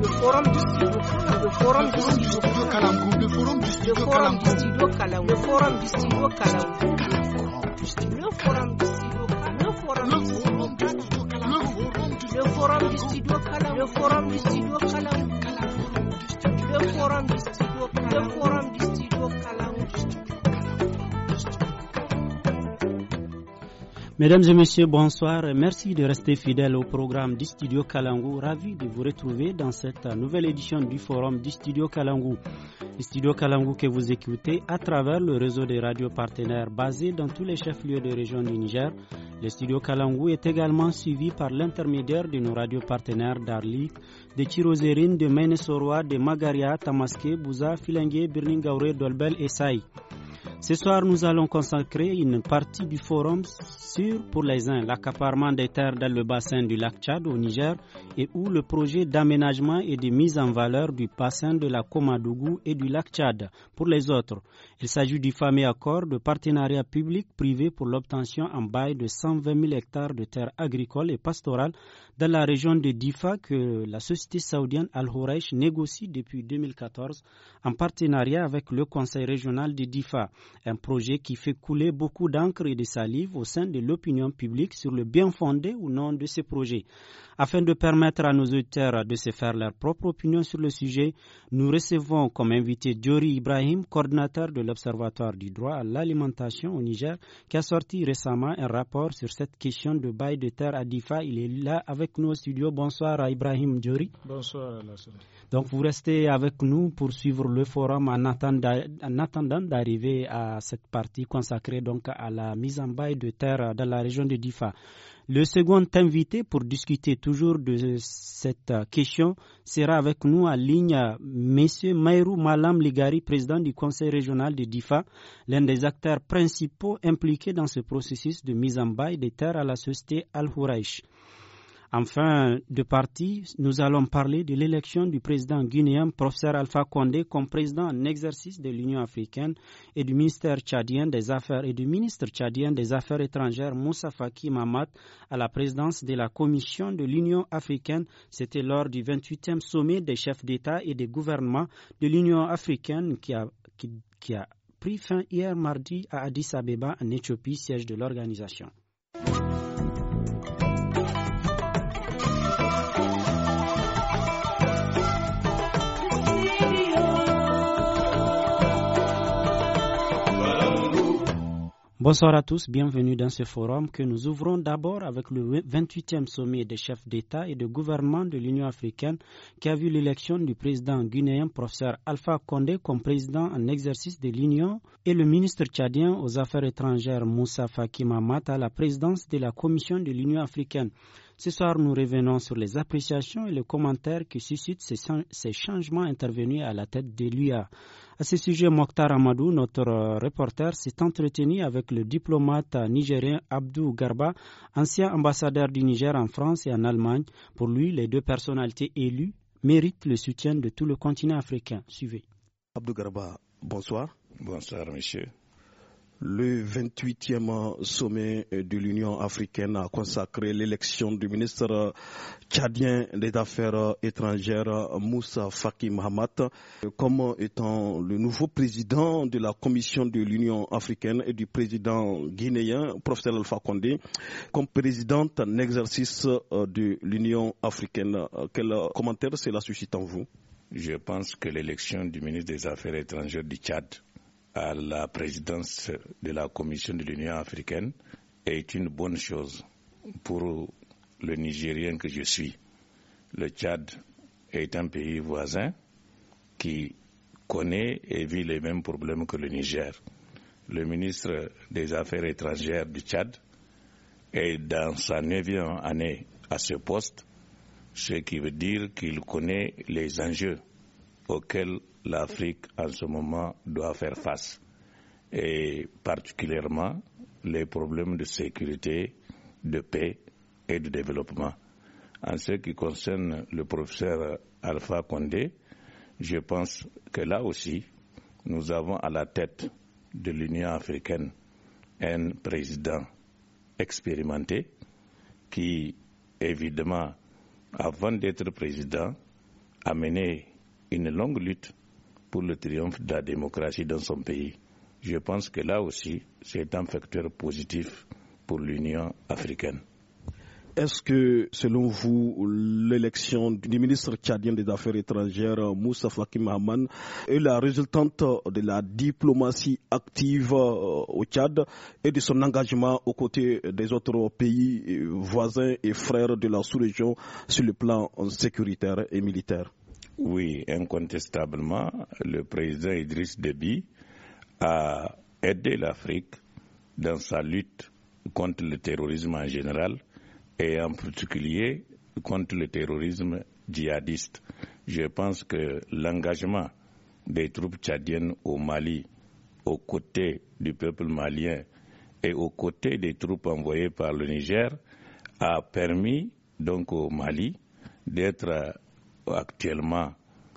The forum du studio the forum du studio Calambrou the forum du studio Calambrou the forum du studio Calambrou the forum du studio the forum du studio the forum du studio the forum du studio the forum du studio the forum Mesdames et messieurs, bonsoir. Merci de rester fidèles au programme du Studio Kalangu. Ravi de vous retrouver dans cette nouvelle édition du forum du Studio Kalangu. Le Studio Kalangu que vous écoutez à travers le réseau des radios partenaires basés dans tous les chefs-lieux de région du Niger. Le Studio Kalangu est également suivi par l'intermédiaire de nos radios partenaires d'Arlit, de Chirozérine, de Menesoroa, de Magaria, Tamaské, Bouza, Filengue, Birningaure, Dolbel et Saï. Ce soir, nous allons consacrer une partie du forum sur, pour les uns, l'accaparement des terres dans le bassin du lac Tchad au Niger et où le projet d'aménagement et de mise en valeur du bassin de la Komadougou et du lac Tchad pour les autres. Il s'agit du fameux accord de partenariat public-privé pour l'obtention en bail de 120 000 hectares de terres agricoles et pastorales dans la région de Difa que la société saoudienne al horaïch négocie depuis 2014 en partenariat avec le conseil régional de Difa. Un projet qui fait couler beaucoup d'encre et de salive au sein de l'opinion publique sur le bien fondé ou non de ce projet. Afin de permettre à nos auditeurs de se faire leur propre opinion sur le sujet, nous recevons comme invité Diori Ibrahim, coordinateur de l'Observatoire du droit à l'alimentation au Niger qui a sorti récemment un rapport sur cette question de bail de terre à Difa. Il est là avec nous au studio. Bonsoir à Ibrahim Djori. Bonsoir Donc vous restez avec nous pour suivre le forum en attendant d'arriver à cette partie consacrée donc à la mise en bail de terre dans la région de Difa. Le second invité pour discuter toujours de cette question sera avec nous en ligne M. Mayrou Malam Ligari, président du conseil régional de DIFA, l'un des acteurs principaux impliqués dans ce processus de mise en bail des terres à la société al huraish en fin de partie, nous allons parler de l'élection du président guinéen, professeur Alpha Condé, comme président en exercice de l'Union africaine et du ministère tchadien des Affaires et du ministre tchadien des Affaires étrangères, Moussa Faki Mamad, à la présidence de la Commission de l'Union africaine. C'était lors du 28e sommet des chefs d'État et des gouvernements de l'Union africaine qui a pris fin hier mardi à Addis Abeba, en Éthiopie, siège de l'organisation. Bonsoir à tous, bienvenue dans ce forum que nous ouvrons d'abord avec le 28e sommet des chefs d'État et de gouvernement de l'Union africaine qui a vu l'élection du président guinéen professeur Alpha Condé comme président en exercice de l'Union et le ministre tchadien aux Affaires étrangères Moussa Fakima Mata à la présidence de la Commission de l'Union africaine. Ce soir, nous revenons sur les appréciations et les commentaires que suscitent ces, changements intervenus à la tête de l'UA. À ce sujet, Mokhtar Amadou, notre euh, reporter, s'est entretenu avec le diplomate nigérien Abdou Garba, ancien ambassadeur du Niger en France et en Allemagne. Pour lui, les deux personnalités élues méritent le soutien de tout le continent africain. Suivez. Abdou Garba, bonsoir. Bonsoir, monsieur. Le 28e sommet de l'Union africaine a consacré l'élection du ministre tchadien des Affaires étrangères Moussa Faki Mahamat comme étant le nouveau président de la Commission de l'Union africaine et du président guinéen, professeur Alpha Condé, comme présidente en exercice de l'Union africaine. Quel commentaire cela suscite en vous Je pense que l'élection du ministre des Affaires étrangères du Tchad la présidence de la Commission de l'Union africaine est une bonne chose pour le Nigérien que je suis. Le Tchad est un pays voisin qui connaît et vit les mêmes problèmes que le Niger. Le ministre des Affaires étrangères du Tchad est dans sa neuvième année à ce poste, ce qui veut dire qu'il connaît les enjeux auxquels l'Afrique en ce moment doit faire face, et particulièrement les problèmes de sécurité, de paix et de développement. En ce qui concerne le professeur Alpha Condé, je pense que là aussi, nous avons à la tête de l'Union africaine un président expérimenté qui, évidemment, avant d'être président, a mené une longue lutte pour le triomphe de la démocratie dans son pays. Je pense que là aussi, c'est un facteur positif pour l'Union africaine. Est-ce que, selon vous, l'élection du ministre tchadien des Affaires étrangères, Moussa Faki Mahaman, est la résultante de la diplomatie active euh, au Tchad et de son engagement aux côtés des autres pays voisins et frères de la sous-région sur le plan sécuritaire et militaire oui, incontestablement, le président Idriss Déby a aidé l'Afrique dans sa lutte contre le terrorisme en général et en particulier contre le terrorisme djihadiste. Je pense que l'engagement des troupes tchadiennes au Mali, aux côtés du peuple malien et aux côtés des troupes envoyées par le Niger, a permis donc au Mali d'être actuellement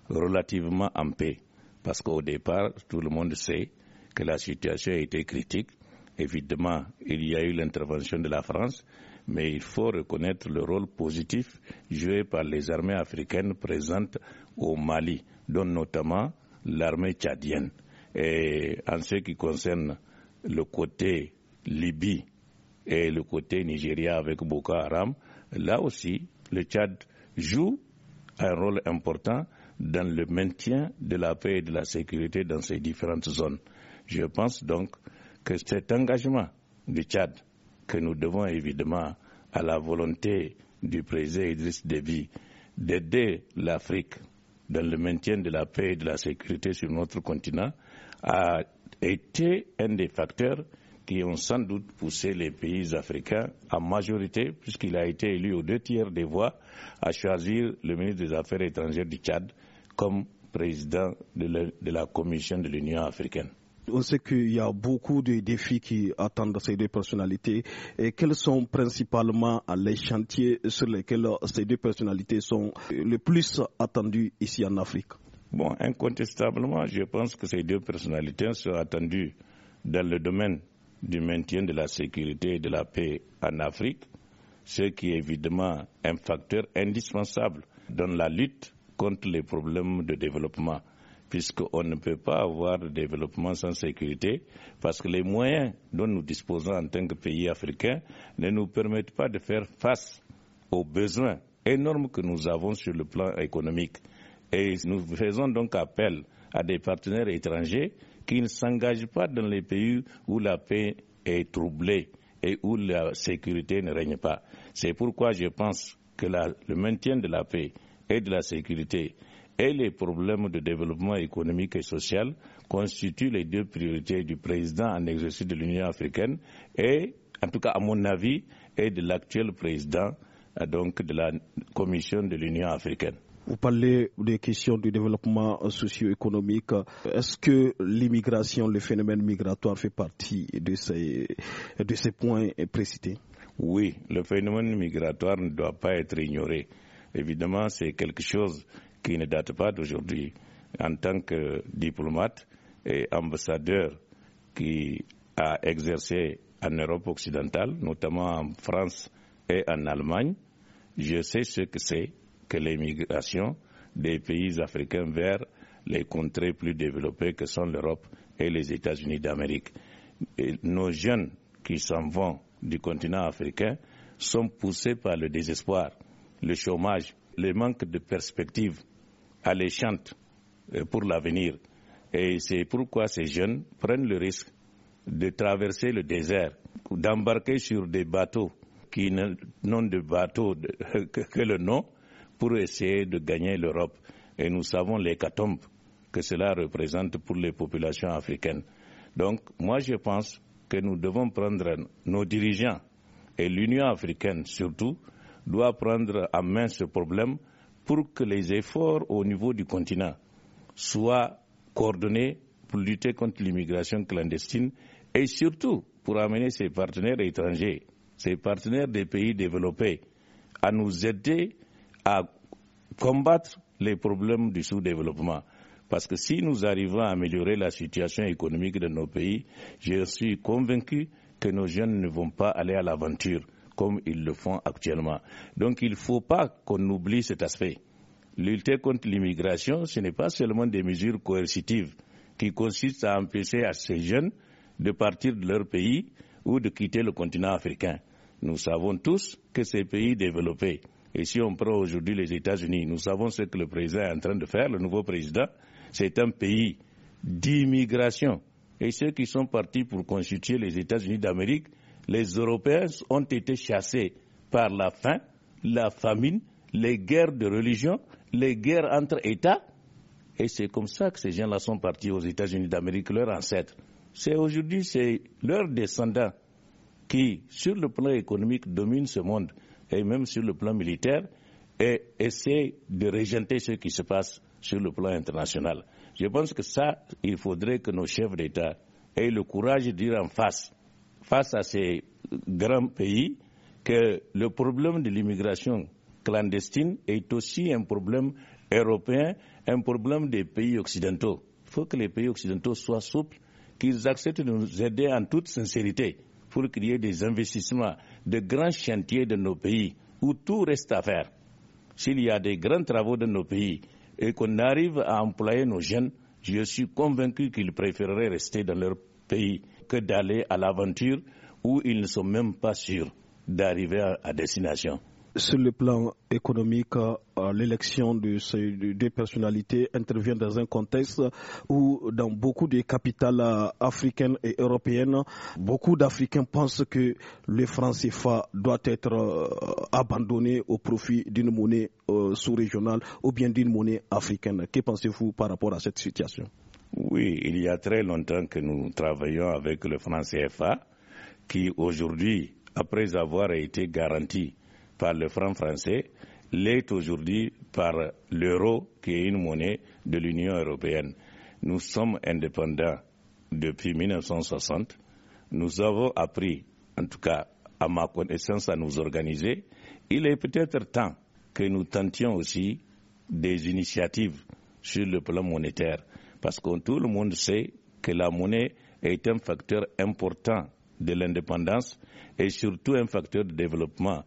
relativement en paix. Parce qu'au départ, tout le monde sait que la situation a été critique. Évidemment, il y a eu l'intervention de la France, mais il faut reconnaître le rôle positif joué par les armées africaines présentes au Mali, dont notamment l'armée tchadienne. Et en ce qui concerne le côté Libye et le côté Nigeria avec Boko Haram, là aussi, le Tchad joue un rôle important dans le maintien de la paix et de la sécurité dans ces différentes zones. Je pense donc que cet engagement du Tchad, que nous devons évidemment à la volonté du président Idriss Déby d'aider l'Afrique dans le maintien de la paix et de la sécurité sur notre continent, a été un des facteurs qui ont sans doute poussé les pays africains, en majorité, puisqu'il a été élu aux deux tiers des voix, à choisir le ministre des Affaires étrangères du Tchad comme président de la, Commission de l'Union africaine. On sait qu'il y a beaucoup de défis qui attendent ces deux personnalités. Et quels sont principalement les chantiers sur lesquels ces deux personnalités sont les plus attendues ici en Afrique Bon, incontestablement, je pense que ces deux personnalités sont attendues dans le domaine du maintien de la sécurité et de la paix en Afrique, ce qui est évidemment un facteur indispensable dans la lutte contre les problèmes de développement, puisqu'on ne peut pas avoir de développement sans sécurité, parce que les moyens dont nous disposons en tant que pays africain ne nous permettent pas de faire face aux besoins énormes que nous avons sur le plan économique. Et nous faisons donc appel à des partenaires étrangers qui ne s'engagent pas dans les pays où la paix est troublée et où la sécurité ne règne pas. C'est pourquoi je pense que le maintien de la paix et de la sécurité et les problèmes de développement économique et social constituent les deux priorités du président en exercice de l'Union africaine et, en tout cas à mon avis, et de l'actuel président euh, donc de la Commission de l'Union africaine. Vous parlez des questions du développement euh, socio-économique. Est-ce que l'immigration, le phénomène migratoire fait partie de ces, de ces points précités Oui, le phénomène migratoire ne doit pas être ignoré. Évidemment, c'est quelque chose qui ne date pas d'aujourd'hui. En tant que diplomate et ambassadeur qui a exercé en Europe occidentale, notamment en France et en Allemagne, je sais ce que c'est que l'immigration des pays africains vers les contrées plus développées que sont l'Europe et les États-Unis d'Amérique. Nos jeunes qui s'en vont du continent africain sont poussés par le désespoir, le chômage, le manque de perspectives alléchantes euh, pour l'avenir. Et c'est pourquoi ces jeunes prennent le risque de traverser le désert, d'embarquer sur des bateaux qui n'ont de bateau que le nom, pour essayer de gagner l'Europe. Et nous savons l'hécatombe que cela représente pour les populations africaines. Donc, moi, je pense que nous devons prendre nos dirigeants et l'Union africaine surtout doit prendre en main ce problème pour que les efforts au niveau du continent soient coordonnés pour lutter contre l'immigration clandestine et surtout pour amener ses partenaires étrangers, ses partenaires des pays développés à nous aider à combattre les problèmes du sous-développement. Parce que si nous arrivons à améliorer la situation économique de nos pays, je suis convaincu que nos jeunes ne vont pas aller à l'aventure comme ils le font actuellement. Donc il ne faut pas qu'on oublie cet aspect. Lutter contre l'immigration, ce n'est pas seulement des mesures coercitives qui consistent à empêcher à ces jeunes de partir de leur pays ou de quitter le continent africain. Nous savons tous que ces pays développés et si on prend aujourd'hui les États-Unis, nous savons ce que le président est en train de faire, le nouveau président. C'est un pays d'immigration. Et ceux qui sont partis pour constituer les États-Unis d'Amérique, les Européens ont été chassés par la faim, la famine, les guerres de religion, les guerres entre États. Et c'est comme ça que ces gens-là sont partis aux États-Unis d'Amérique, leurs ancêtres. C'est aujourd'hui, c'est leurs descendants qui, sur le plan économique, dominent ce monde et même sur le plan militaire et essayer de régenter ce qui se passe sur le plan international. Je pense que ça, il faudrait que nos chefs d'État aient le courage de dire en face, face à ces grands pays, que le problème de l'immigration clandestine est aussi un problème européen, un problème des pays occidentaux. Il faut que les pays occidentaux soient souples, qu'ils acceptent de nous aider en toute sincérité pour créer des investissements, de grands chantiers de nos pays, où tout reste à faire. S'il y a des grands travaux de nos pays et qu'on arrive à employer nos jeunes, je suis convaincu qu'ils préféreraient rester dans leur pays que d'aller à l'aventure où ils ne sont même pas sûrs d'arriver à destination. Sur le plan économique, euh, l'élection de ces deux personnalités intervient dans un contexte où, dans beaucoup de capitales euh, africaines et européennes, beaucoup d'Africains pensent que le franc CFA doit être euh, abandonné au profit d'une monnaie sous-régionale ou bien d'une monnaie africaine. Que pensez-vous par rapport à cette situation Oui, il y a très longtemps que nous travaillons avec le franc CFA qui, aujourd'hui, après avoir été garanti, par le franc français, l'est aujourd'hui par l'euro, qui est une monnaie de l'Union européenne. Nous sommes indépendants depuis 1960. Nous avons appris, en tout cas à ma connaissance, à nous organiser. Il est peut-être temps que nous tentions aussi des initiatives sur le plan monétaire, parce que tout le monde sait que la monnaie est un facteur important de l'indépendance et surtout un facteur de développement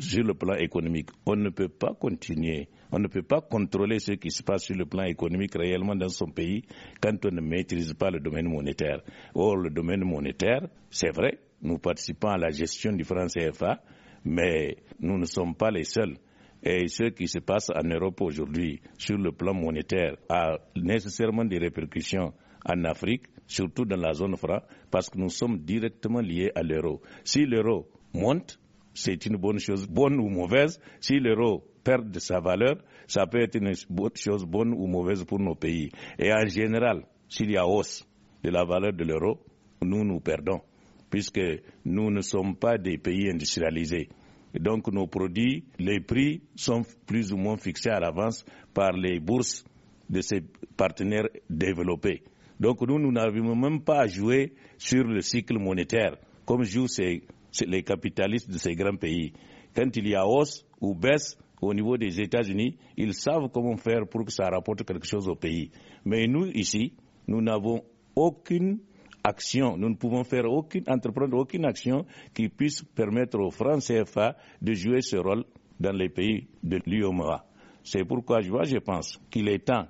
sur le plan économique. On ne peut pas continuer, on ne peut pas contrôler ce qui se passe sur le plan économique réellement dans son pays quand on ne maîtrise pas le domaine monétaire. Or, le domaine monétaire, c'est vrai, nous participons à la gestion du franc CFA, mais nous ne sommes pas les seuls. Et ce qui se passe en Europe aujourd'hui sur le plan monétaire a nécessairement des répercussions en Afrique, surtout dans la zone franc, parce que nous sommes directement liés à l'euro. Si l'euro monte, c'est une bonne chose, bonne ou mauvaise. Si l'euro perd de sa valeur, ça peut être une chose bonne ou mauvaise pour nos pays. Et en général, s'il y a hausse de la valeur de l'euro, nous nous perdons, puisque nous ne sommes pas des pays industrialisés. donc nos produits, les prix sont plus ou moins fixés à l'avance par les bourses de ces partenaires développés. Donc nous, nous n'avons même pas à jouer sur le cycle monétaire, comme jouent ces les capitalistes de ces grands pays. Quand il y a hausse ou baisse au niveau des États-Unis, ils savent comment faire pour que ça rapporte quelque chose au pays. Mais nous, ici, nous n'avons aucune action, nous ne pouvons faire aucune, entreprendre aucune action qui puisse permettre aux francs CFA de jouer ce rôle dans les pays de l'UOMA. C'est pourquoi je, vois, je pense qu'il est temps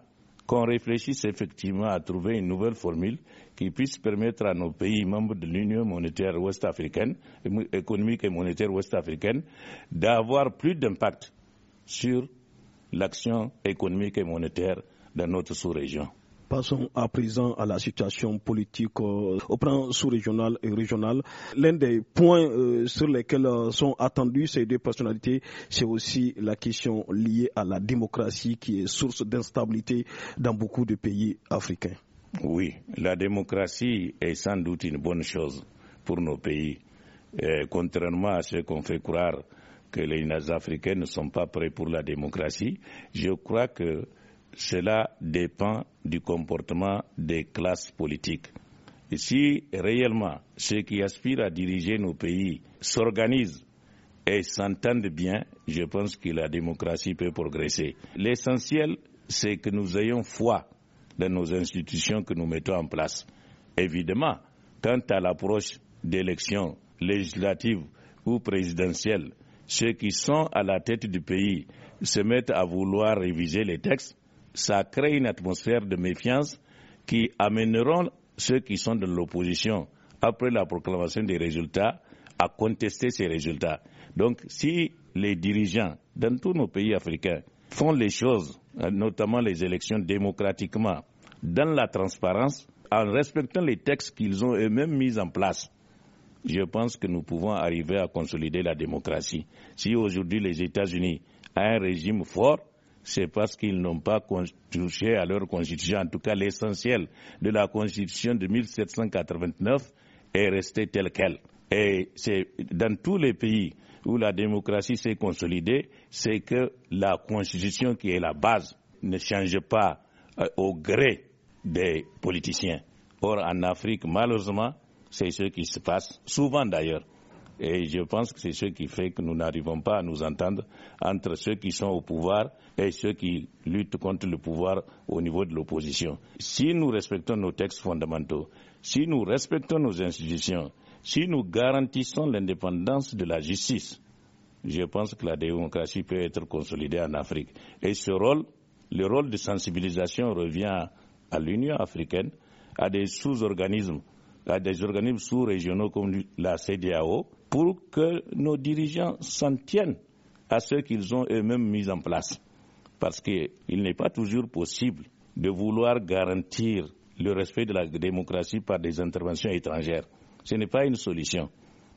qu'on réfléchisse effectivement à trouver une nouvelle formule qui puisse permettre à nos pays membres de l'Union monétaire ouest-africaine, économique et monétaire ouest-africaine, d'avoir plus d'impact sur l'action économique et monétaire dans notre sous-région. Passons à présent à la situation politique euh, au plan sous-régional et régional. L'un des points euh, sur lesquels euh, sont attendus ces deux personnalités, c'est aussi la question liée à la démocratie qui est source d'instabilité dans beaucoup de pays africains. Oui, la démocratie est sans doute une bonne chose pour nos pays, contrairement à ce qu'on fait croire que les Africains ne sont pas prêts pour la démocratie. Je crois que cela dépend du comportement des classes politiques. si réellement ceux qui aspirent à diriger nos pays s'organisent et s'entendent bien, je pense que la démocratie peut progresser. L'essentiel, c'est que nous ayons foi dans nos institutions que nous mettons en place. Évidemment, quant à l'approche d'élections législatives ou présidentielles, ceux qui sont à la tête du pays se mettent à vouloir réviser les textes, ça crée une atmosphère de méfiance qui amèneront ceux qui sont de l'opposition, après la proclamation des résultats, à contester ces résultats. Donc, si les dirigeants dans tous nos pays africains font les choses, euh, notamment les élections démocratiquement, dans la transparence, en respectant les textes qu'ils ont eux-mêmes mis en place, je pense que nous pouvons arriver à consolider la démocratie. Si aujourd'hui les États-Unis ont un régime fort, c'est parce qu'ils n'ont pas touché à leur constitution. En tout cas, l'essentiel de la constitution de 1789 est resté tel quel. Et c'est dans tous les pays où la démocratie s'est consolidée, c'est que la constitution qui est la base ne change pas euh, au gré des politiciens. Or, en Afrique, malheureusement, c'est ce qui se passe souvent d'ailleurs. Et je pense que c'est ce qui fait que nous n'arrivons pas à nous entendre entre ceux qui sont au pouvoir et ceux qui luttent contre le pouvoir au niveau de l'opposition. Si nous respectons nos textes fondamentaux, si nous respectons nos institutions, si nous garantissons l'indépendance de la justice, je pense que la démocratie peut être consolidée en Afrique. Et ce rôle, le rôle de sensibilisation revient à l'Union africaine, à des sous-organismes, à des organismes sous-régionaux comme la CDAO, pour que nos dirigeants s'en tiennent à ce qu'ils ont eux-mêmes mis en place. Parce qu'il n'est pas toujours possible de vouloir garantir le respect de la démocratie par des interventions étrangères. Ce n'est pas une solution.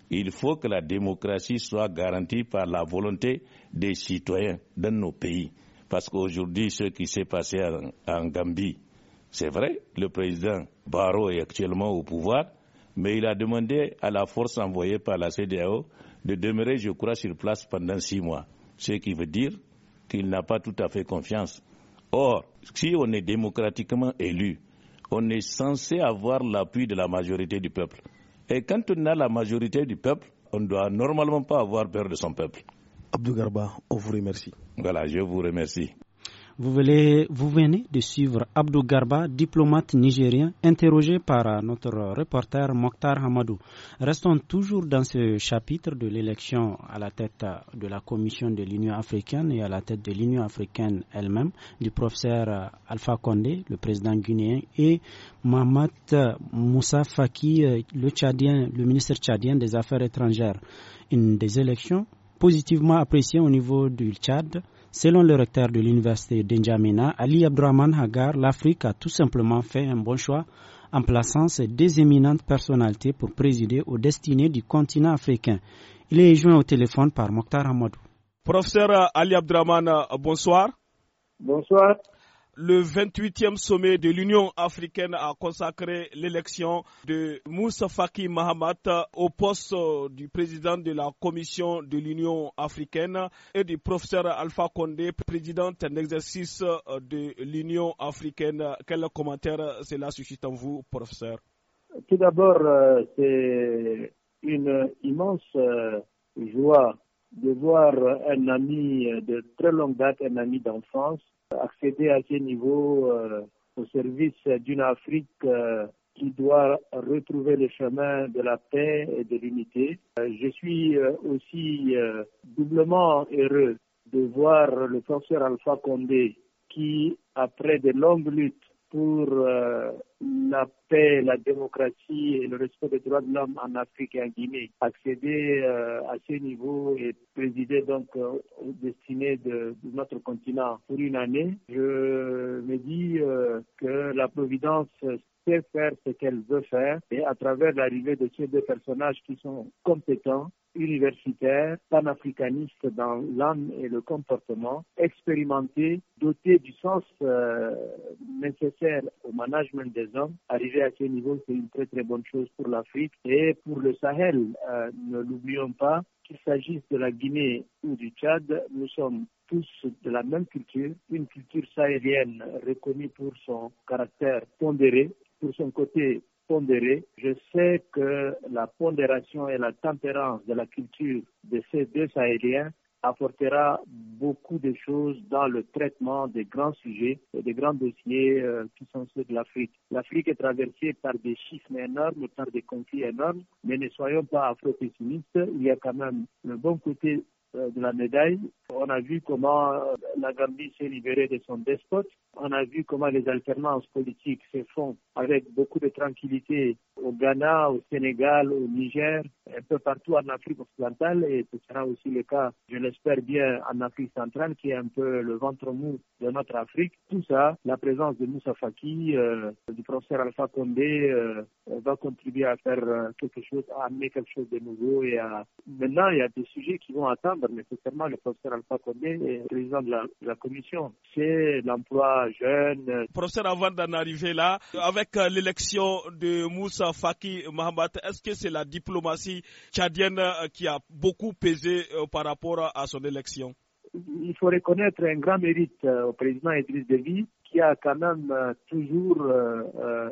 Il faut que la démocratie soit garantie par la volonté des citoyens de nos pays. Parce qu'aujourd'hui, ce qui s'est passé en, Gambie, c'est vrai, le président Barrault est actuellement au pouvoir, mais il a demandé à la force envoyée par la CDAO de demeurer, je crois, sur place pendant six mois. Ce qui veut dire qu'il n'a pas tout à fait confiance. Or, si on est démocratiquement élu, on est censé avoir l'appui de la majorité du peuple. Et quand on a la majorité du peuple, on ne doit normalement pas avoir peur de son peuple. Abdou Garba, on vous remercie. Voilà, je vous remercie. Vous, vous venez de suivre Abdou Garba, diplomate nigérien, interrogé par notre reporter Mokhtar Hamadou. Restons toujours dans ce chapitre de l'élection à la tête de la Commission de l'Union africaine et à la tête de l'Union africaine elle-même du professeur Alpha Condé, le président guinéen, et Mahmat Moussa Faki, le Tchadien, le ministre tchadien des Affaires étrangères. Une des élections positivement appréciées au niveau du Tchad Selon le recteur de l'université Denjamina, Ali Abdraman Hagar, l'Afrique a tout simplement fait un bon choix en plaçant ses deux éminentes personnalités pour présider aux destinées du continent africain. Il est joint au téléphone par Mokhtar Hamadou. Professeur Ali Abdraman, bonsoir. Bonsoir. Le 28e sommet de l'Union africaine a consacré l'élection de Moussa Faki Mahamat au poste du président de la Commission de l'Union africaine et du professeur Alpha Condé, président en exercice de l'Union africaine. Quel commentaire cela suscite en vous, professeur Tout d'abord, euh, c'est une immense euh, joie de voir un ami de très longue date, un ami d'enfance, accéder à ces niveaux euh, au service d'une Afrique euh, qui doit retrouver le chemin de la paix et de l'unité. Euh, je suis aussi doublement heureux de voir le professeur Alpha Condé qui, après de longues luttes, pour euh, la paix, la démocratie et le respect des droits de l'homme en Afrique et en Guinée. Accéder euh, à ce niveau et présider donc euh, au destiné de, de, notre continent pour une année, je me dis que la Providence sait faire ce qu'elle veut faire et à travers l'arrivée de ces deux personnages qui sont compétents, universitaires, panafricanistes dans l'âme et le comportement, expérimentés, dotés du sens euh, nécessaire au management des hommes. Arriver à ce niveau, c'est une très très bonne chose pour l'Afrique et pour le Sahel. Euh, ne l'oublions pas, qu'il s'agisse de la Guinée ou du Tchad, nous sommes tous de la même culture, une culture sahélienne reconnue pour son caractère pondéré, pour son côté pondéré. Je sais que la pondération et la tempérance de la culture de ces deux Sahéliens apportera beaucoup de choses dans le traitement des grands sujets et des grands dossiers euh, qui sont ceux de l'Afrique. L'Afrique est traversée par des chiffres énormes, par des conflits énormes, mais ne soyons pas afro-pessimistes. Il y a quand même le bon côté euh, de la médaille. On a vu comment euh, la Gambie s'est libérée de son despote. On a vu comment les alternances politiques se font avec beaucoup de tranquillité au Ghana, au Sénégal, au Niger, un peu partout en Afrique occidentale et ce sera aussi le cas, je l'espère bien, en Afrique centrale qui est un peu le ventre mou de notre Afrique. Tout ça, la présence de Moussa Faki, euh, du professeur Alpha Condé, va contribuer à faire quelque chose, à amener quelque chose de nouveau et à... maintenant il y a des sujets qui vont attendre nécessairement le professeur Alpha Condé, président de la, de la commission. C'est l'emploi jeune. Professeur, avant d'en arriver là, avec euh, l'élection de Moussa Faki Mahamat, est-ce que c'est la diplomatie tchadienne euh, qui a beaucoup pesé euh, par rapport à son élection il faut reconnaître un grand mérite au président Idriss Déby qui a quand même toujours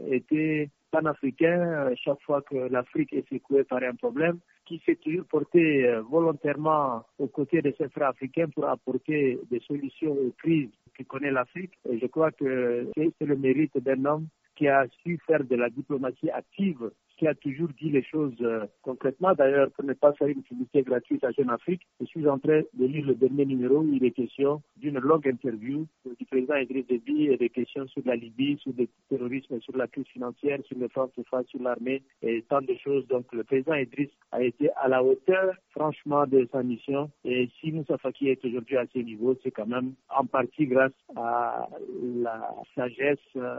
été Africain, euh, chaque fois que l'Afrique est secouée par un problème, qui s'est toujours porté euh, volontairement aux côtés de ses frères africains pour apporter des solutions aux crises Qui connaît l'Afrique. Et je crois que c'est le mérite d'un homme qui a su faire de la diplomatie active qui a toujours dit les choses euh, concrètement. D'ailleurs, pour ne pas faire une publicité gratuite à Jeune Afrique, je suis en train de lire le dernier numéro où il est question d'une longue interview du président Idriss Déby et des questions sur la Libye, sur le terrorisme, sur la crise financière, sur le franc CFA, sur l'armée et tant de choses. Donc, le président Idriss a été à la hauteur, franchement, de sa mission. Et si Moussa Faki est aujourd'hui à ce niveau, c'est quand même en partie grâce à la sagesse euh,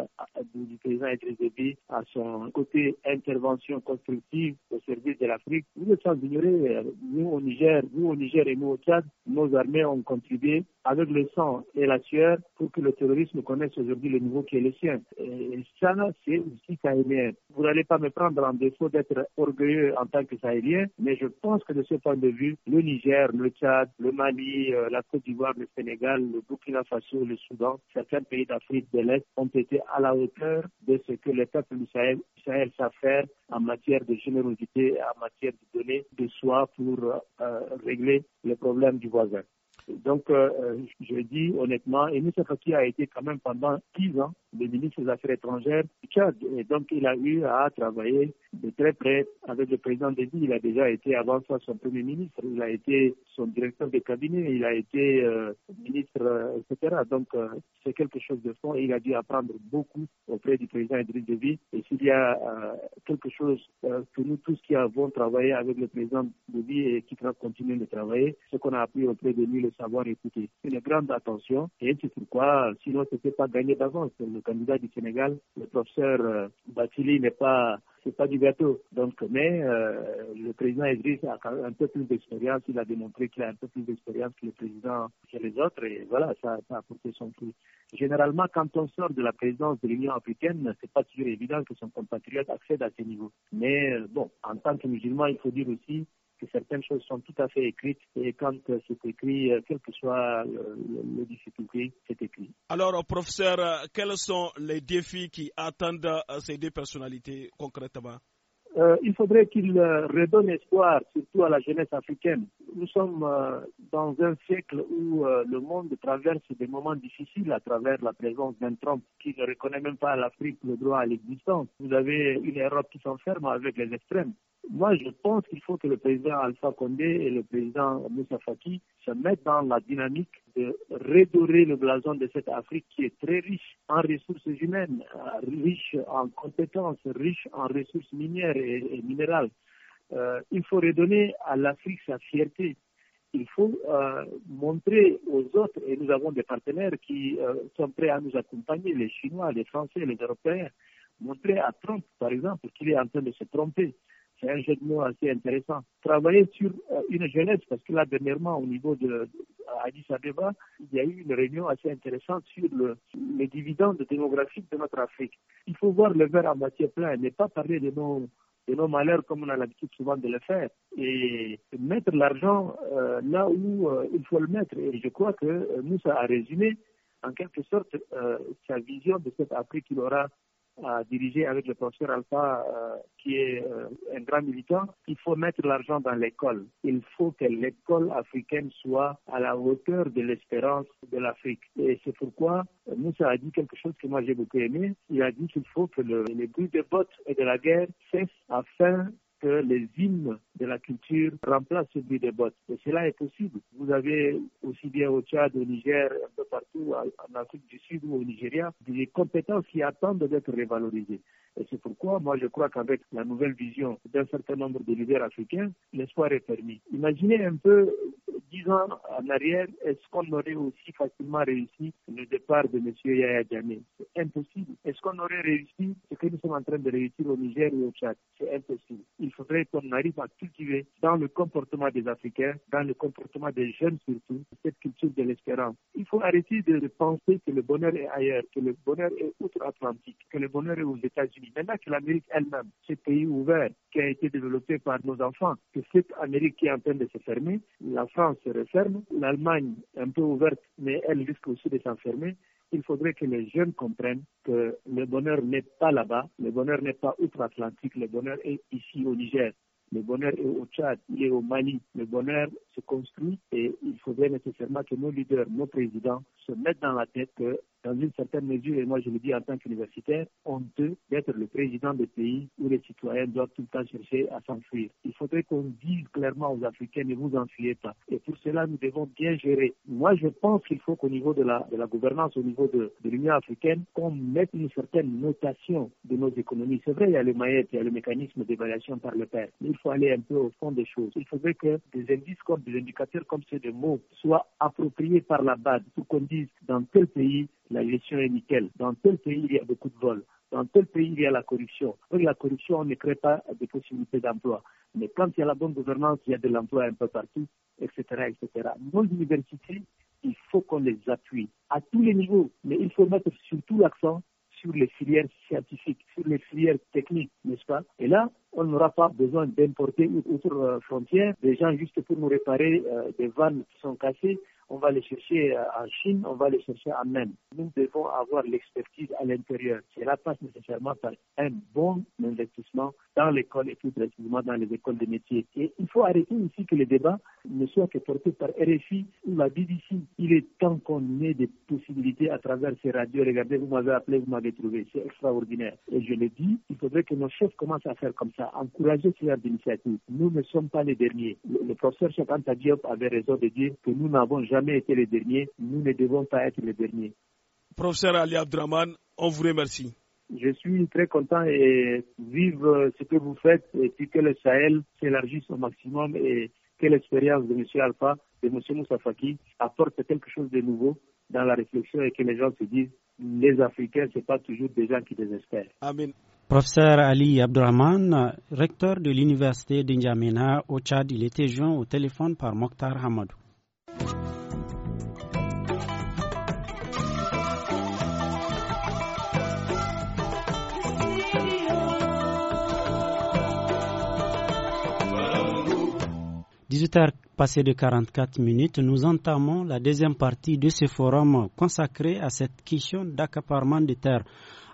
du président Idriss Déby, à son côté intervention constructive au service de l'Afrique. Vous ne sans ignorer, euh, nous au Niger, nous au Niger et nous au Tchad, nos armées ont contribué avec le sang et la sueur pour que le terrorisme connaisse aujourd'hui le niveau qui est le sien. Et ça, c'est aussi sahélien. Vous n'allez pas me prendre en défaut d'être orgueilleux en tant que sahélien, mais je pense que de ce point de vue, le Niger, le Tchad, le Mali, euh, la Côte d'Ivoire, le Sénégal, le Burkina Faso, le Soudan, certains pays d'Afrique de l'Est ont été à la hauteur de ce que l'État peuples du Sahel, en matière de générosité, en matière de donner de soi pour euh, régler les problèmes du voisin. Donc, euh, euh, je dis honnêtement, et M. qui a été quand même pendant 10 ans le ministre des Affaires étrangères du Tchad. Et donc, il a eu à travailler de très près avec le président Déby. Il a déjà été avant ça son premier ministre. Il a été son directeur de cabinet. Il a été euh, ministre, etc. Donc, c'est quelque chose de fond. Et il a dû apprendre beaucoup auprès du président Idriss Déby. Et s'il y a quelque chose que nous tous qui avons travaillé avec le président Déby et qui continuer de travailler, ce qu'on a appris auprès de lui, le savoir écouter. C'est une grande attention et c'est pourquoi, sinon, ce n'était pas gagné d'avance. Le candidat du Sénégal, le professeur euh, Batili, n'est pas c'est pas du gâteau. Donc, mais euh, le président Idriss a un peu plus d'expérience. Il a démontré qu'il a un peu plus d'expérience que le président chez les autres. Et voilà, ça, a apporté son coup. Généralement, quand on sort de la présidence de l'Union africaine, c'est pas toujours évident que son compatriote accède à ces niveaux. Mais euh, bon, en tant que musulman, il faut dire aussi certaines choses sont tout à fait écrites et quand euh, c'est écrit, euh, quelles que soit le, difficulté, c'est écrit. Alors, euh, professeur, quels sont les défis qui attendent ces deux personnalités concrètement il faudrait qu'ils redonnent espoir, surtout à la jeunesse africaine. Nous sommes dans un siècle où le monde traverse des moments difficiles à travers la présence d'un Trump qui ne reconnaît même pas à l'Afrique le droit à l'existence. Vous avez une Europe qui s'enferme avec les extrêmes. Moi, je pense qu'il faut que le président Alpha Condé et le président Moussa Faki se mettent dans la dynamique de redorer le blason de cette Afrique qui est très riche en ressources humaines, euh, riche en compétences, riche en ressources minières et, minérales. Euh, il faut redonner à l'Afrique sa fierté. Il faut euh, montrer aux autres, et nous avons des partenaires qui sont prêts à nous accompagner, les Chinois, les Français, les Européens, montrer à Trump, par exemple, qu'il est en train de se tromper c'est un jeu de mots assez intéressant. Travailler sur euh, une jeunesse, parce que là, dernièrement, au niveau de Addis Abeba, il y a eu une réunion assez intéressante sur le, les dividendes démographiques de notre Afrique. Il faut voir le verre à moitié plein, ne pas parler de nos de nos malheurs comme on a l'habitude souvent de le faire et mettre l'argent euh, là où euh, il faut le mettre. Et je crois que ça a résumé en quelque sorte sa vision de cette Afrique qu'il aura à diriger avec le professeur Alpha, euh, qui est euh, un grand militant, il faut mettre l'argent dans l'école. Il faut que l'école africaine soit à la hauteur de l'espérance de l'Afrique. Et c'est pourquoi Moussa a dit quelque chose que moi j'ai beaucoup aimé. Il a dit qu'il faut que le, les bruits de bottes et de la guerre cessent afin que les hymnes de la culture remplace celui des bottes. Et cela est possible. Vous avez aussi bien au Tchad, au Niger, un peu partout, en Afrique du Sud ou au Nigeria, des compétences qui attendent d'être révalorisées. Et c'est pourquoi moi je crois qu'avec la nouvelle vision d'un certain nombre de leaders africains, l'espoir est permis. Imaginez un peu dix ans en arrière, est-ce qu'on aurait aussi facilement réussi le départ de M. Yahya Djamé C'est impossible. Est-ce qu'on aurait réussi ce que nous sommes en train de réussir au Niger ou au Tchad C'est impossible. Il faudrait qu'on arrive à cultiver dans le comportement des Africains, dans le comportement des jeunes surtout, cette culture de l'espérance. Il faut arrêter de penser que le bonheur est ailleurs, que le bonheur est outre-Atlantique, que le bonheur est aux États-Unis. Maintenant que l'Amérique elle-même, ce pays ouvert qui a été développé par nos enfants, que cette Amérique qui est en train de se fermer, la France se referme, l'Allemagne un peu ouverte, mais elle risque aussi de s'enfermer il faudrait que les jeunes comprennent que le bonheur n'est pas là-bas, le bonheur n'est pas outre-Atlantique, le bonheur est ici au Niger. Le bonheur est au Tchad, il est au Mali. Le bonheur se construit et il faudrait nécessairement que nos leaders, nos présidents se mettent dans la tête que dans une certaine mesure, et moi je le dis en tant qu'universitaire, peut d'être le président des pays où les citoyens doivent tout le temps chercher à s'enfuir. Il faudrait qu'on dise clairement aux Africains, ne vous enfuyez pas. Et pour cela, nous devons bien gérer. Moi, je pense qu'il faut qu'au niveau de la, gouvernance, au niveau de, l'Union africaine, qu'on mette une certaine notation de nos économies. C'est vrai, il y a le maillet, il y a le mécanisme d'évaluation par le père, mais il faut aller un peu au fond des choses. Il faudrait que des indices comme des indicateurs comme ceux de mots soient appropriés par la base pour qu'on dise dans quel pays la gestion est nickel. Dans tel pays, il y a beaucoup de vols. Dans tel pays, il y a la corruption. Avec la corruption, on ne crée pas de possibilités d'emploi. Mais quand il y a la bonne gouvernance, il y a de l'emploi un peu partout, etc., etc. Nos universités, il faut qu'on les appuie à tous les niveaux, mais il faut mettre surtout l'accent sur les filières scientifiques, sur les filières techniques, n'est-ce pas Et là, on n'aura pas besoin d'importer outre euh, frontière des gens juste pour nous réparer euh, des vannes qui sont cassées on va les chercher euh, en Chine, on va les chercher en Inde. Nous devons avoir l'expertise à l'intérieur. Cela passe nécessairement par un bon investissement dans l'école et plus précisément dans les écoles de métiers. Et il faut arrêter aussi que le débat ne soit que porté par RFI ou la BBC. Il est temps qu'on ait des possibilités à travers ces radios. Regardez, vous m'avez appelé, vous m'avez trouvé. C'est extraordinaire. Et je le dis, il faudrait que nos chefs commencent à faire comme ça, encourager ce genre d'initiative. Nous ne sommes pas les derniers. Le, professeur Chakanta Diop avait raison de dire que nous n'avons jamais été les derniers. Nous ne devons pas être les derniers. Professeur Ali Abdraman, on vous remercie. Je suis très content et vive ce que vous faites et puis que le Sahel s'élargisse au maximum et que l'expérience de M. Alpha, de M. Moussa Faki apporte quelque chose de nouveau dans la réflexion et que les gens se disent les Africains, ce n'est pas toujours des gens qui désespèrent. Amen. Professeur Ali Abdraman, recteur de l'université d'Injamena au Tchad, il était joint au téléphone par Mokhtar Hamadou. 18h passé de 44 minutes, nous entamons la deuxième partie de ce forum consacré à cette question d'accaparement des terres.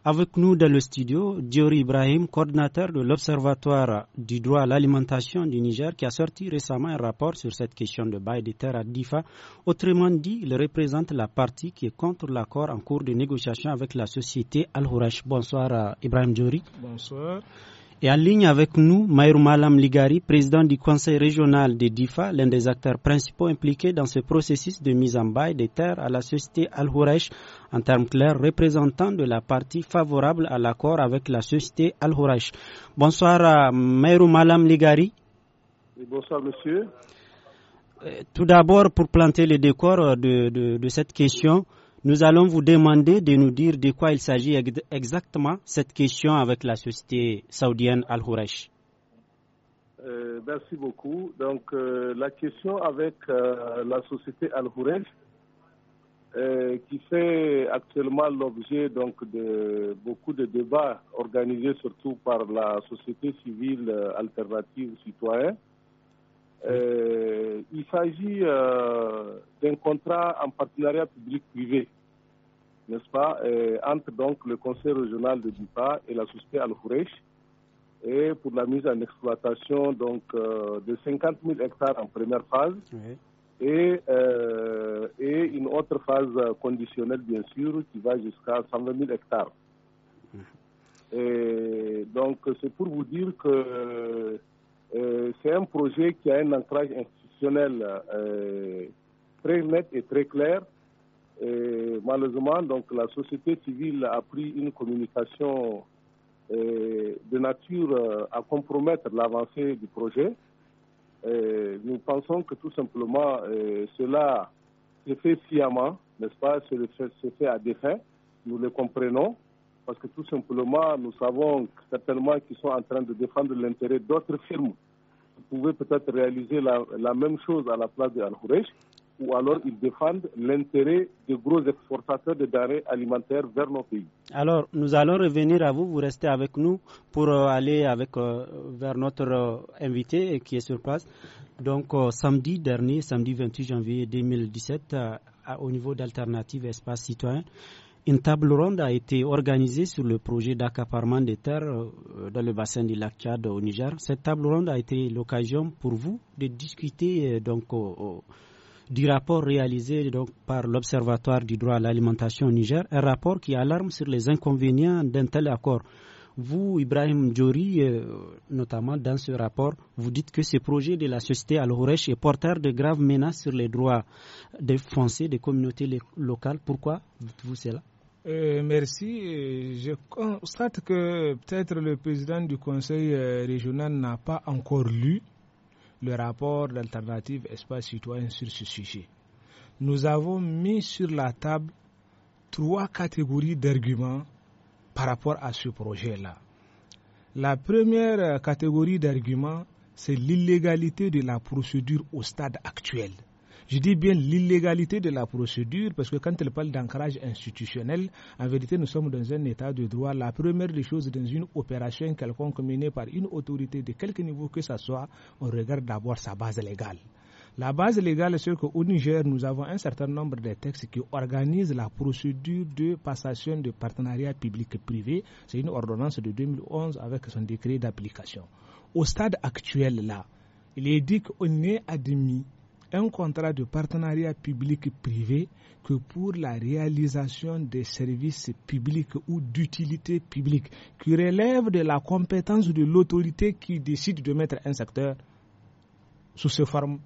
Avec nous dans le studio, Diori Ibrahim, coordinateur de l'Observatoire du droit à l'alimentation du Niger, qui a sorti récemment un rapport sur cette question de bail des terres à DIFA. Autrement dit, il représente la partie qui est contre l'accord en cours de négociation avec la société Al-Hourach. Bonsoir, euh, Ibrahim Diori. Bonsoir. Et en ligne avec nous, Mayrou Malam Ligari, président du conseil régional de DIFA, l'un des acteurs principaux impliqués dans ce processus de mise en bail des terres à la société al Huraish, en termes clairs, représentant de la partie favorable à l'accord avec la société al Huraish. Bonsoir, euh, Mayrou Malam Ligari. bonsoir, monsieur. Euh, tout d'abord, pour planter le décor euh, de cette question, nous allons vous demander de nous dire de quoi il s'agit exactement cette question avec la société saoudienne al hurash euh, merci beaucoup. Donc, euh, la question avec euh, la société al hurash qui fait actuellement l'objet de beaucoup de débats organisés surtout par la société civile alternative citoyenne, euh, il s'agit euh, d'un contrat en partenariat public-privé, n'est-ce pas, euh, entre donc le Conseil régional de DIPA et la société al et pour la mise en exploitation donc de 50 000 hectares en première phase et, et une autre phase conditionnelle bien sûr qui va jusqu'à 120 000 hectares. Mhm. donc c'est pour vous dire que euh, c'est un projet qui a un ancrage institutionnel euh, très net et très clair. malheureusement, donc, la société civile a pris une communication euh, de nature à compromettre l'avancée du projet. nous pensons que tout simplement cela se fait sciemment, n'est-ce pas, Cela fait, se fait à des nous le comprenons, parce que tout simplement, nous savons certainement qu'ils sont en train de défendre l'intérêt d'autres firmes Vous pouvaient peut-être réaliser la, même chose à la place de al ou alors ils défendent l'intérêt des gros exportateurs de denrées alimentaires vers nos pays. Alors, nous allons revenir à vous, vous restez avec nous pour euh, aller euh, vers notre euh, invité qui est sur place. Donc, samedi dernier, samedi 28 janvier 2017, au niveau d'Alternative Espace Citoyen, une table ronde a été organisée sur le projet d'accaparement des terres euh, dans le bassin du lac Tchad au Niger. Cette table ronde a été l'occasion pour vous de discuter euh, donc du rapport réalisé par l'Observatoire du droit à l'alimentation au Niger, un rapport qui alarme sur les inconvénients d'un tel accord. Vous, Ibrahim Djori, euh, notamment dans ce rapport, vous dites que ce projet de la société al horesh est porteur de graves menaces sur les droits des Français, des communautés locales. Pourquoi dites-vous cela euh, merci. Je constate que peut-être le président du conseil euh, régional n'a pas encore lu le rapport d'alternative espace citoyen sur ce sujet. Nous avons mis sur la table trois catégories d'arguments par rapport à ce projet-là. La première catégorie d'arguments, c'est l'illégalité de la procédure au stade actuel. Je dis bien l'illégalité de la procédure parce que quand elle parle d'ancrage institutionnel, en vérité, nous sommes dans un état de droit. La première des choses dans une opération quelconque menée par une autorité de quelque niveau que ce soit, on regarde d'abord sa base légale. La base légale, c'est qu'au Niger, nous avons un certain nombre de textes qui organisent la procédure de passation de partenariat public-privé. C'est une ordonnance de 2011 avec son décret d'application. Au stade actuel, là, il est dit qu'on est admis un contrat de partenariat public-privé que pour la réalisation des services publics ou d'utilité publique qui relève de la compétence de l'autorité qui décide de mettre un secteur sous, ce forme,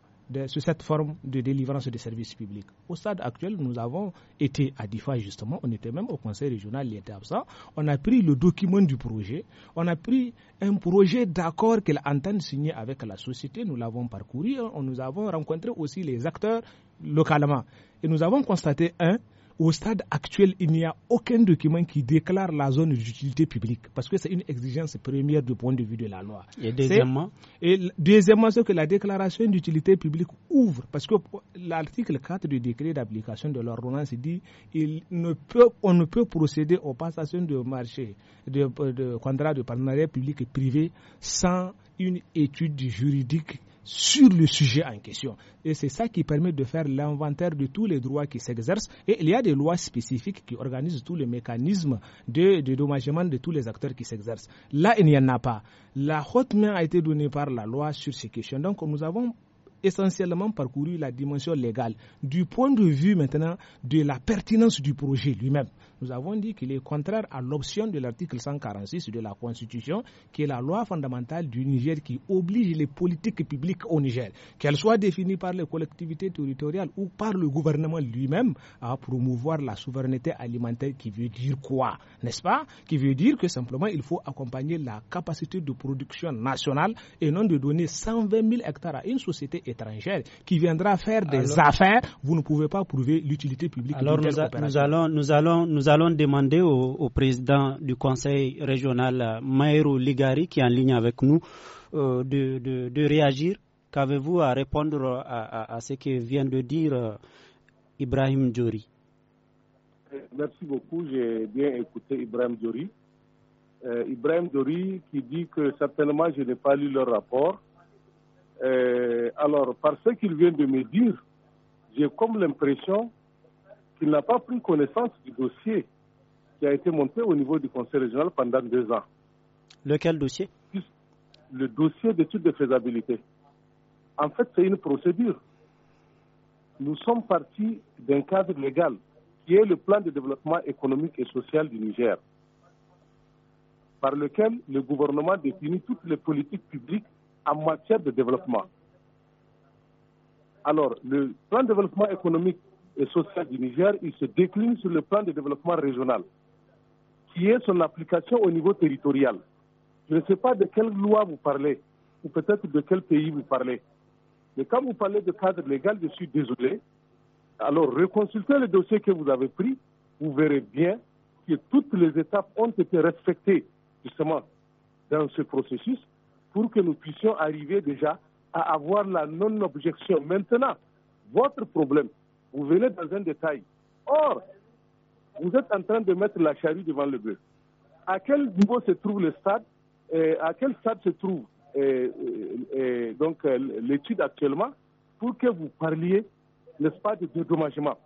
sur cette forme de délivrance des services publics. Au stade actuel, nous avons été à DIFA justement, on était même au conseil régional, il était absent. On a pris le document du projet, on a pris un projet d'accord qu'elle entend signer avec la société, nous l'avons parcouru, on, nous avons rencontré aussi les acteurs localement. Et nous avons constaté, un, au stade actuel, il n'y a aucun document qui déclare la zone d'utilité publique, parce que c'est une exigence première du point de vue de la loi. Et deuxièmement Et deuxièmement, c'est que la déclaration d'utilité publique ouvre, parce que l'article 4 du décret d'application de l'ordonnance dit il ne peut, on ne peut procéder aux passations de marché, de, de contrats de partenariat public et privé sans une étude juridique sur le sujet en question. Et c'est ça qui permet de faire l'inventaire de tous les droits qui s'exercent. Et il y a des lois spécifiques qui organisent tous les mécanismes de dédommagement de, de tous les acteurs qui s'exercent. Là, il n'y en a pas. La haute main a été donnée par la loi sur ces questions. Donc, nous avons essentiellement parcouru la dimension légale du point de vue maintenant de la pertinence du projet lui-même nous avons dit qu'il est contraire à l'option de l'article 146 de la Constitution, qui est la loi fondamentale du Niger qui oblige les politiques publiques au Niger, qu'elles soient définies par les collectivités territoriales ou par le gouvernement lui-même, à promouvoir la souveraineté alimentaire qui veut dire quoi, n'est-ce pas Qui veut dire que simplement il faut accompagner la capacité de production nationale et non de donner 120 000 hectares à une société étrangère qui viendra faire des affaires. Vous ne pouvez pas prouver l'utilité publique. Alors nous, allons, nous allons, nous allons allons demander au, président du conseil régional, Maïro Ligari, qui est en ligne avec nous, euh, de, réagir. Qu'avez-vous à répondre à, ce que vient de dire euh, Ibrahim Djori eh, Merci beaucoup. J'ai bien écouté Ibrahim Djori. Eh, Ibrahim Dori qui dit que certainement je n'ai pas lu leur rapport. Eh, alors, par ce qu'il vient de me dire, j'ai comme l'impression qu'il n'a pas pris connaissance du dossier qui a été monté au niveau du Conseil régional pendant deux ans. Lequel dossier Le dossier d'étude de faisabilité. En fait, c'est une procédure. Nous sommes partis d'un cadre légal qui est le plan de développement économique et social du Niger, par lequel le gouvernement définit toutes les politiques publiques en matière de développement. Alors, le plan de développement économique et social du Niger, il se décline sur le plan de développement régional qui est son application au niveau territorial. Je ne sais pas de quelle loi vous parlez, ou peut-être de quel pays vous parlez. Mais quand vous parlez de cadre légal, je suis désolé. Alors, reconsultez le dossier que vous avez pris, vous verrez bien que toutes les étapes ont été respectées, justement, dans ce processus, pour que nous puissions arriver déjà à avoir la non-objection. Maintenant, votre problème, vous venez dans un détail. Or, vous êtes en train de mettre la charrue devant le bœuf. À quel niveau se trouve le stade euh, À quel stade se trouve euh, euh, l'étude actuellement pour que vous parliez, n'est-ce pas, de dédommagement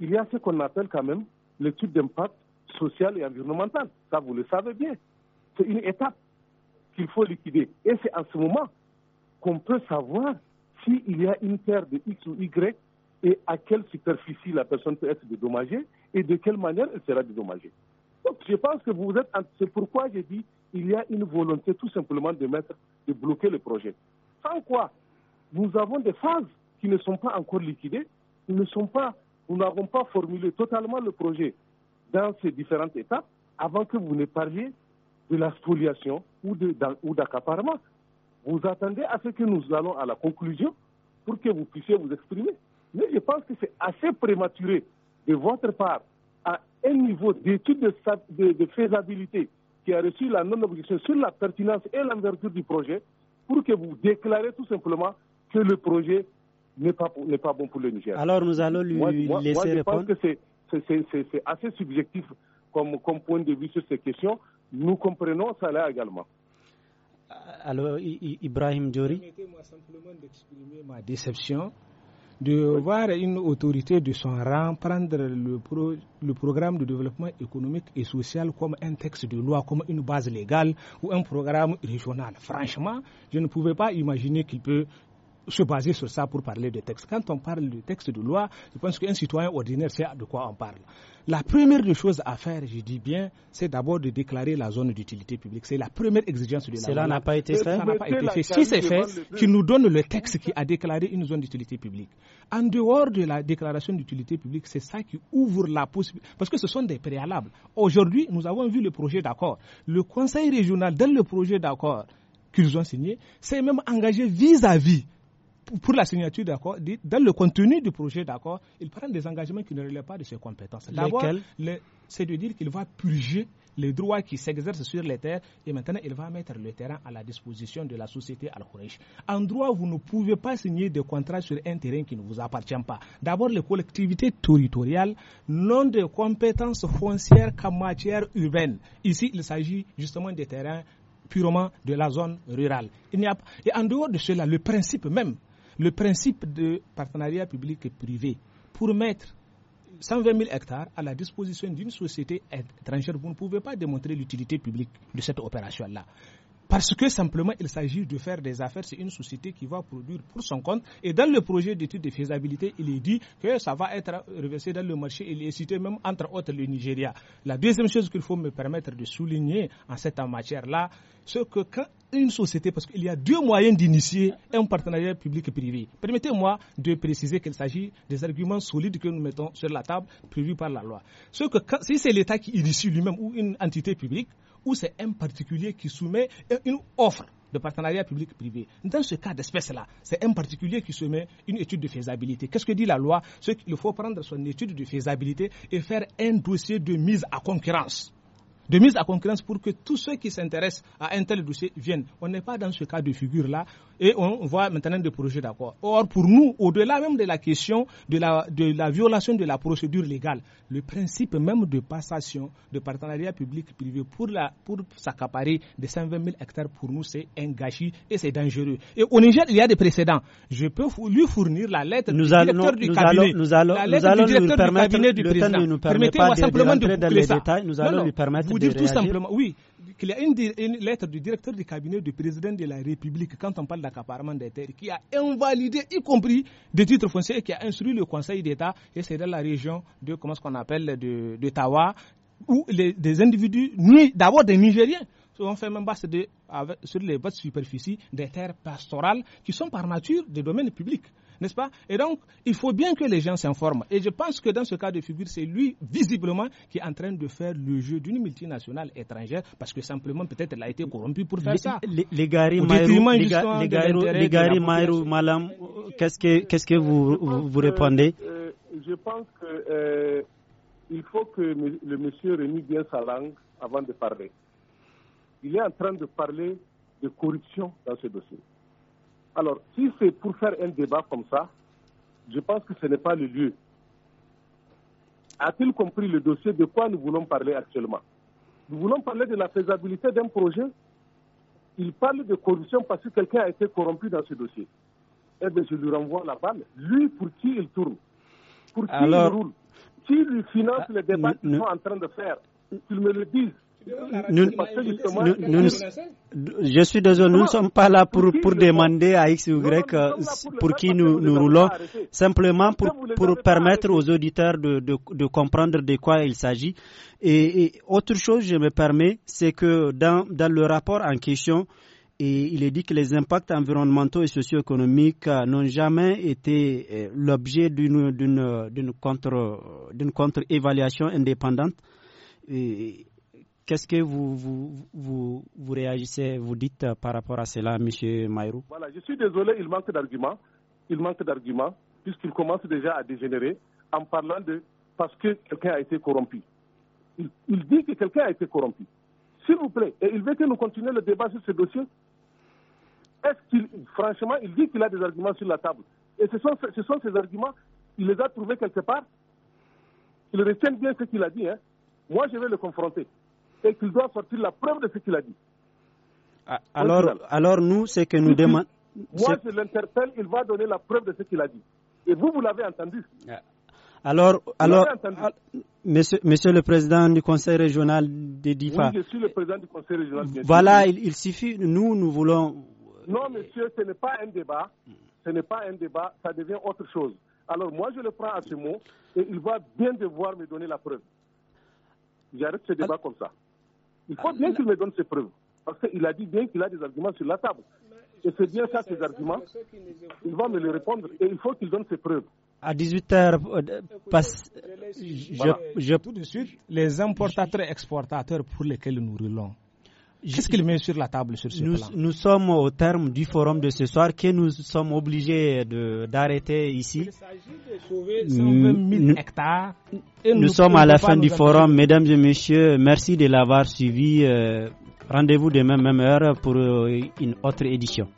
Il y a ce qu'on appelle quand même l'étude d'impact social et environnemental. Ça, vous le savez bien. C'est une étape qu'il faut liquider. Et c'est en ce moment qu'on peut savoir s'il y a une terre de X ou Y et à quelle superficie la personne peut être dédommagée et de quelle manière elle sera dédommagée. Donc je pense que vous êtes, c'est pourquoi j'ai dit il y a une volonté tout simplement de mettre, de bloquer le projet. Sans quoi, nous avons des phases qui ne sont pas encore liquidées, ne sont pas, nous n'avons pas formulé totalement le projet dans ces différentes étapes avant que vous ne parliez de la spoliation ou d'accaparement. Vous attendez à ce que nous allons à la conclusion pour que vous puissiez vous exprimer. Mais je pense que c'est assez prématuré de votre part à un niveau d'étude de, faisabilité qui a reçu la non-objection sur la pertinence et l'envergure du projet pour que vous déclariez tout simplement que le projet n'est pas, pas bon pour le Niger. Alors nous allons lui laisser répondre. moi, je Pense que c'est assez subjectif comme, comme point de vue sur ces questions. Nous comprenons ça là également. Alors, Ibrahim Djori Permettez-moi simplement d'exprimer ma déception de voir une autorité de son rang prendre le, le programme de développement économique et social comme un texte de loi, comme une base légale ou un programme régional. Franchement, je ne pouvais pas imaginer qu'il peut se baser sur ça pour parler de texte. Quand on parle de texte de loi, je pense qu'un citoyen ordinaire sait de quoi on parle. La première chose à faire, je dis bien, c'est d'abord de déclarer la zone d'utilité publique. C'est la première exigence de la loi. Cela n'a pas été euh, fait. Si c'est fait, qui nous donne le texte qui a déclaré une zone d'utilité publique. En dehors de la déclaration d'utilité publique, c'est ça qui ouvre la possibilité. Parce que ce sont des préalables. Aujourd'hui, nous avons vu le projet d'accord. Le Conseil régional, dans le projet d'accord qu'ils ont signé, s'est même engagé vis-à-vis vis à vis pour la signature d'accord, dans le contenu du projet d'accord, il prend des engagements qui ne relèvent pas de ses compétences. D'abord, c'est de dire qu'il va purger les droits qui s'exercent sur les terres et maintenant il va mettre le terrain à la disposition de la société al En droit, vous ne pouvez pas signer de contrats sur un terrain qui ne vous appartient pas. D'abord, les collectivités territoriales n'ont de compétences foncières qu'en matière urbaine. Ici, il s'agit justement des terrains purement de la zone rurale. Il n'y a, et en dehors de cela, le principe même le principe de partenariat public et privé pour mettre 120 000 hectares à la disposition d'une société étrangère, vous ne pouvez pas démontrer l'utilité publique de cette opération-là. Parce que simplement, il s'agit de faire des affaires. C'est une société qui va produire pour son compte. Et dans le projet d'étude de faisabilité, il est dit que ça va être reversé dans le marché. Il est cité même entre autres le Nigeria. La deuxième chose qu'il faut me permettre de souligner en cette matière-là, c'est que quand une société, parce qu'il y a deux moyens d'initier un partenariat public-privé. Permettez-moi de préciser qu'il s'agit des arguments solides que nous mettons sur la table prévus par la loi. Ce que si c'est l'État qui initie lui-même ou une entité publique, où c'est un particulier qui soumet une offre de partenariat public-privé. Dans ce cas d'espèce-là, c'est un particulier qui soumet une étude de faisabilité. Qu'est-ce que dit la loi Il qu'il faut prendre son étude de faisabilité et faire un dossier de mise à concurrence de mise à concurrence pour que tous ceux qui s'intéressent à un tel dossier viennent. On n'est pas dans ce cas de figure-là et on voit maintenant des projets d'accord. Or, pour nous, au-delà même de la question de la, violation de la procédure légale, le principe même de passation de partenariat public-privé pour, pour s'accaparer des 120 000 hectares, pour nous, c'est un gâchis et c'est dangereux. Et au Niger, il y a des précédents. Je peux lui fournir la lettre nous du directeur du nous cabinet. Allons, nous allons, la nous allons du permettre, du cabinet du président. Permettez-moi simplement de, de, de dans les détails. Nous allons lui permettre vous de dire tout simplement, oui, qu'il y a une, lettre du directeur du cabinet du président de la République, quand on parle d'accaparement des terres, qui a invalidé, y compris des titres fonciers, et qui a instruit le Conseil d'État, et c'est dans la région de, comment ce qu'on appelle, de, Tawa, où des individus, d'abord des Nigériens, ont fait même basse sur les vastes superficies des terres pastorales qui sont par nature des domaines publics n'est-ce pas Et donc, il faut bien que les gens s'informent. Et je pense que dans ce cas de figure, c'est lui, visiblement, qui est en train de faire le jeu d'une multinationale étrangère, parce que simplement, peut-être, elle a été corrompue pour faire les, ça. Les, les Gary Malam, qu'est-ce que, qu'est-ce que vous, répondez euh, euh, Je pense que euh, il faut que le monsieur remue bien sa langue avant de parler. Il est en train de parler de corruption dans ce dossier. Alors, si c'est pour faire un débat comme ça, je pense que ce n'est pas le lieu. A-t-il compris le dossier de quoi nous voulons parler actuellement Nous voulons parler de la faisabilité d'un projet. Il parle de corruption parce que quelqu'un a été corrompu dans ce dossier. Eh bien, je lui renvoie la balle. Lui, pour qui il tourne Pour qui il roule Qui lui finance le ah, les débats qu'ils sont en train de faire Qu'ils me le disent. Nous, je suis désolé, nous ne sommes pas là pour, demander à X ou Y euh, pour qui nous, roulons, simplement pour, permettre aux auditeurs de, comprendre de quoi il s'agit. Et, autre chose, je me permets, c'est que dans, le rapport en question, il est dit que les impacts environnementaux et socio-économiques euh, n'ont jamais été euh, l'objet d'une contre-évaluation indépendante. Qu'est-ce que vous, vous, réagissez, vous dites euh, par rapport à cela, M. Mayrou Voilà, je suis désolé, il manque d'arguments. Il manque d'arguments, puisqu'il commence déjà à dégénérer en parlant de parce que quelqu'un a été corrompu. Il, dit que quelqu'un a été corrompu. S'il vous plaît, et il veut que nous continuions le débat sur ce dossier. Est-ce qu'il, franchement, il dit qu'il a des arguments sur la table Et ce sont, ce ces arguments, il les a trouvés quelque part. Il retient bien ce qu'il a dit. Hein. Moi, je vais le confronter et qu'il doit sortir la preuve de ce qu'il a dit. alors, nous, ce que nous demandons. Moi, je l'interpelle, il va donner la preuve de ce qu'il a dit. Et vous, vous l'avez entendu. Alors, alors, monsieur, le président du conseil régional des DIFA. Oui, je suis le président du conseil régional. Voilà, il, suffit, nous, nous voulons. Euh, non, monsieur, ce n'est pas un débat. Ce n'est pas un débat, ça devient autre chose. Alors, moi, je le prends à ce mot et il va bien devoir me donner la preuve. J'arrête ce débat comme ça. Il faut bien qu'il me donne ses preuves. Parce qu'il a dit bien qu'il a des arguments sur la table. Et c'est bien ça, ses arguments. Il va me les répondre et il faut qu'il donne ses preuves. À 18h, euh, Je, je, tout de suite, les importateurs-exportateurs pour lesquels nous roulons, Qu'est-ce qu'il met sur la table sur ce nous, plan Nous sommes au terme du forum de ce soir que nous sommes obligés d'arrêter ici. Il s'agit de sauver 120 000 hectares. nous, sommes à la fin du forum. Mesdames et messieurs, merci de l'avoir suivi. Euh, rendez-vous demain, même heure, pour euh, une autre édition.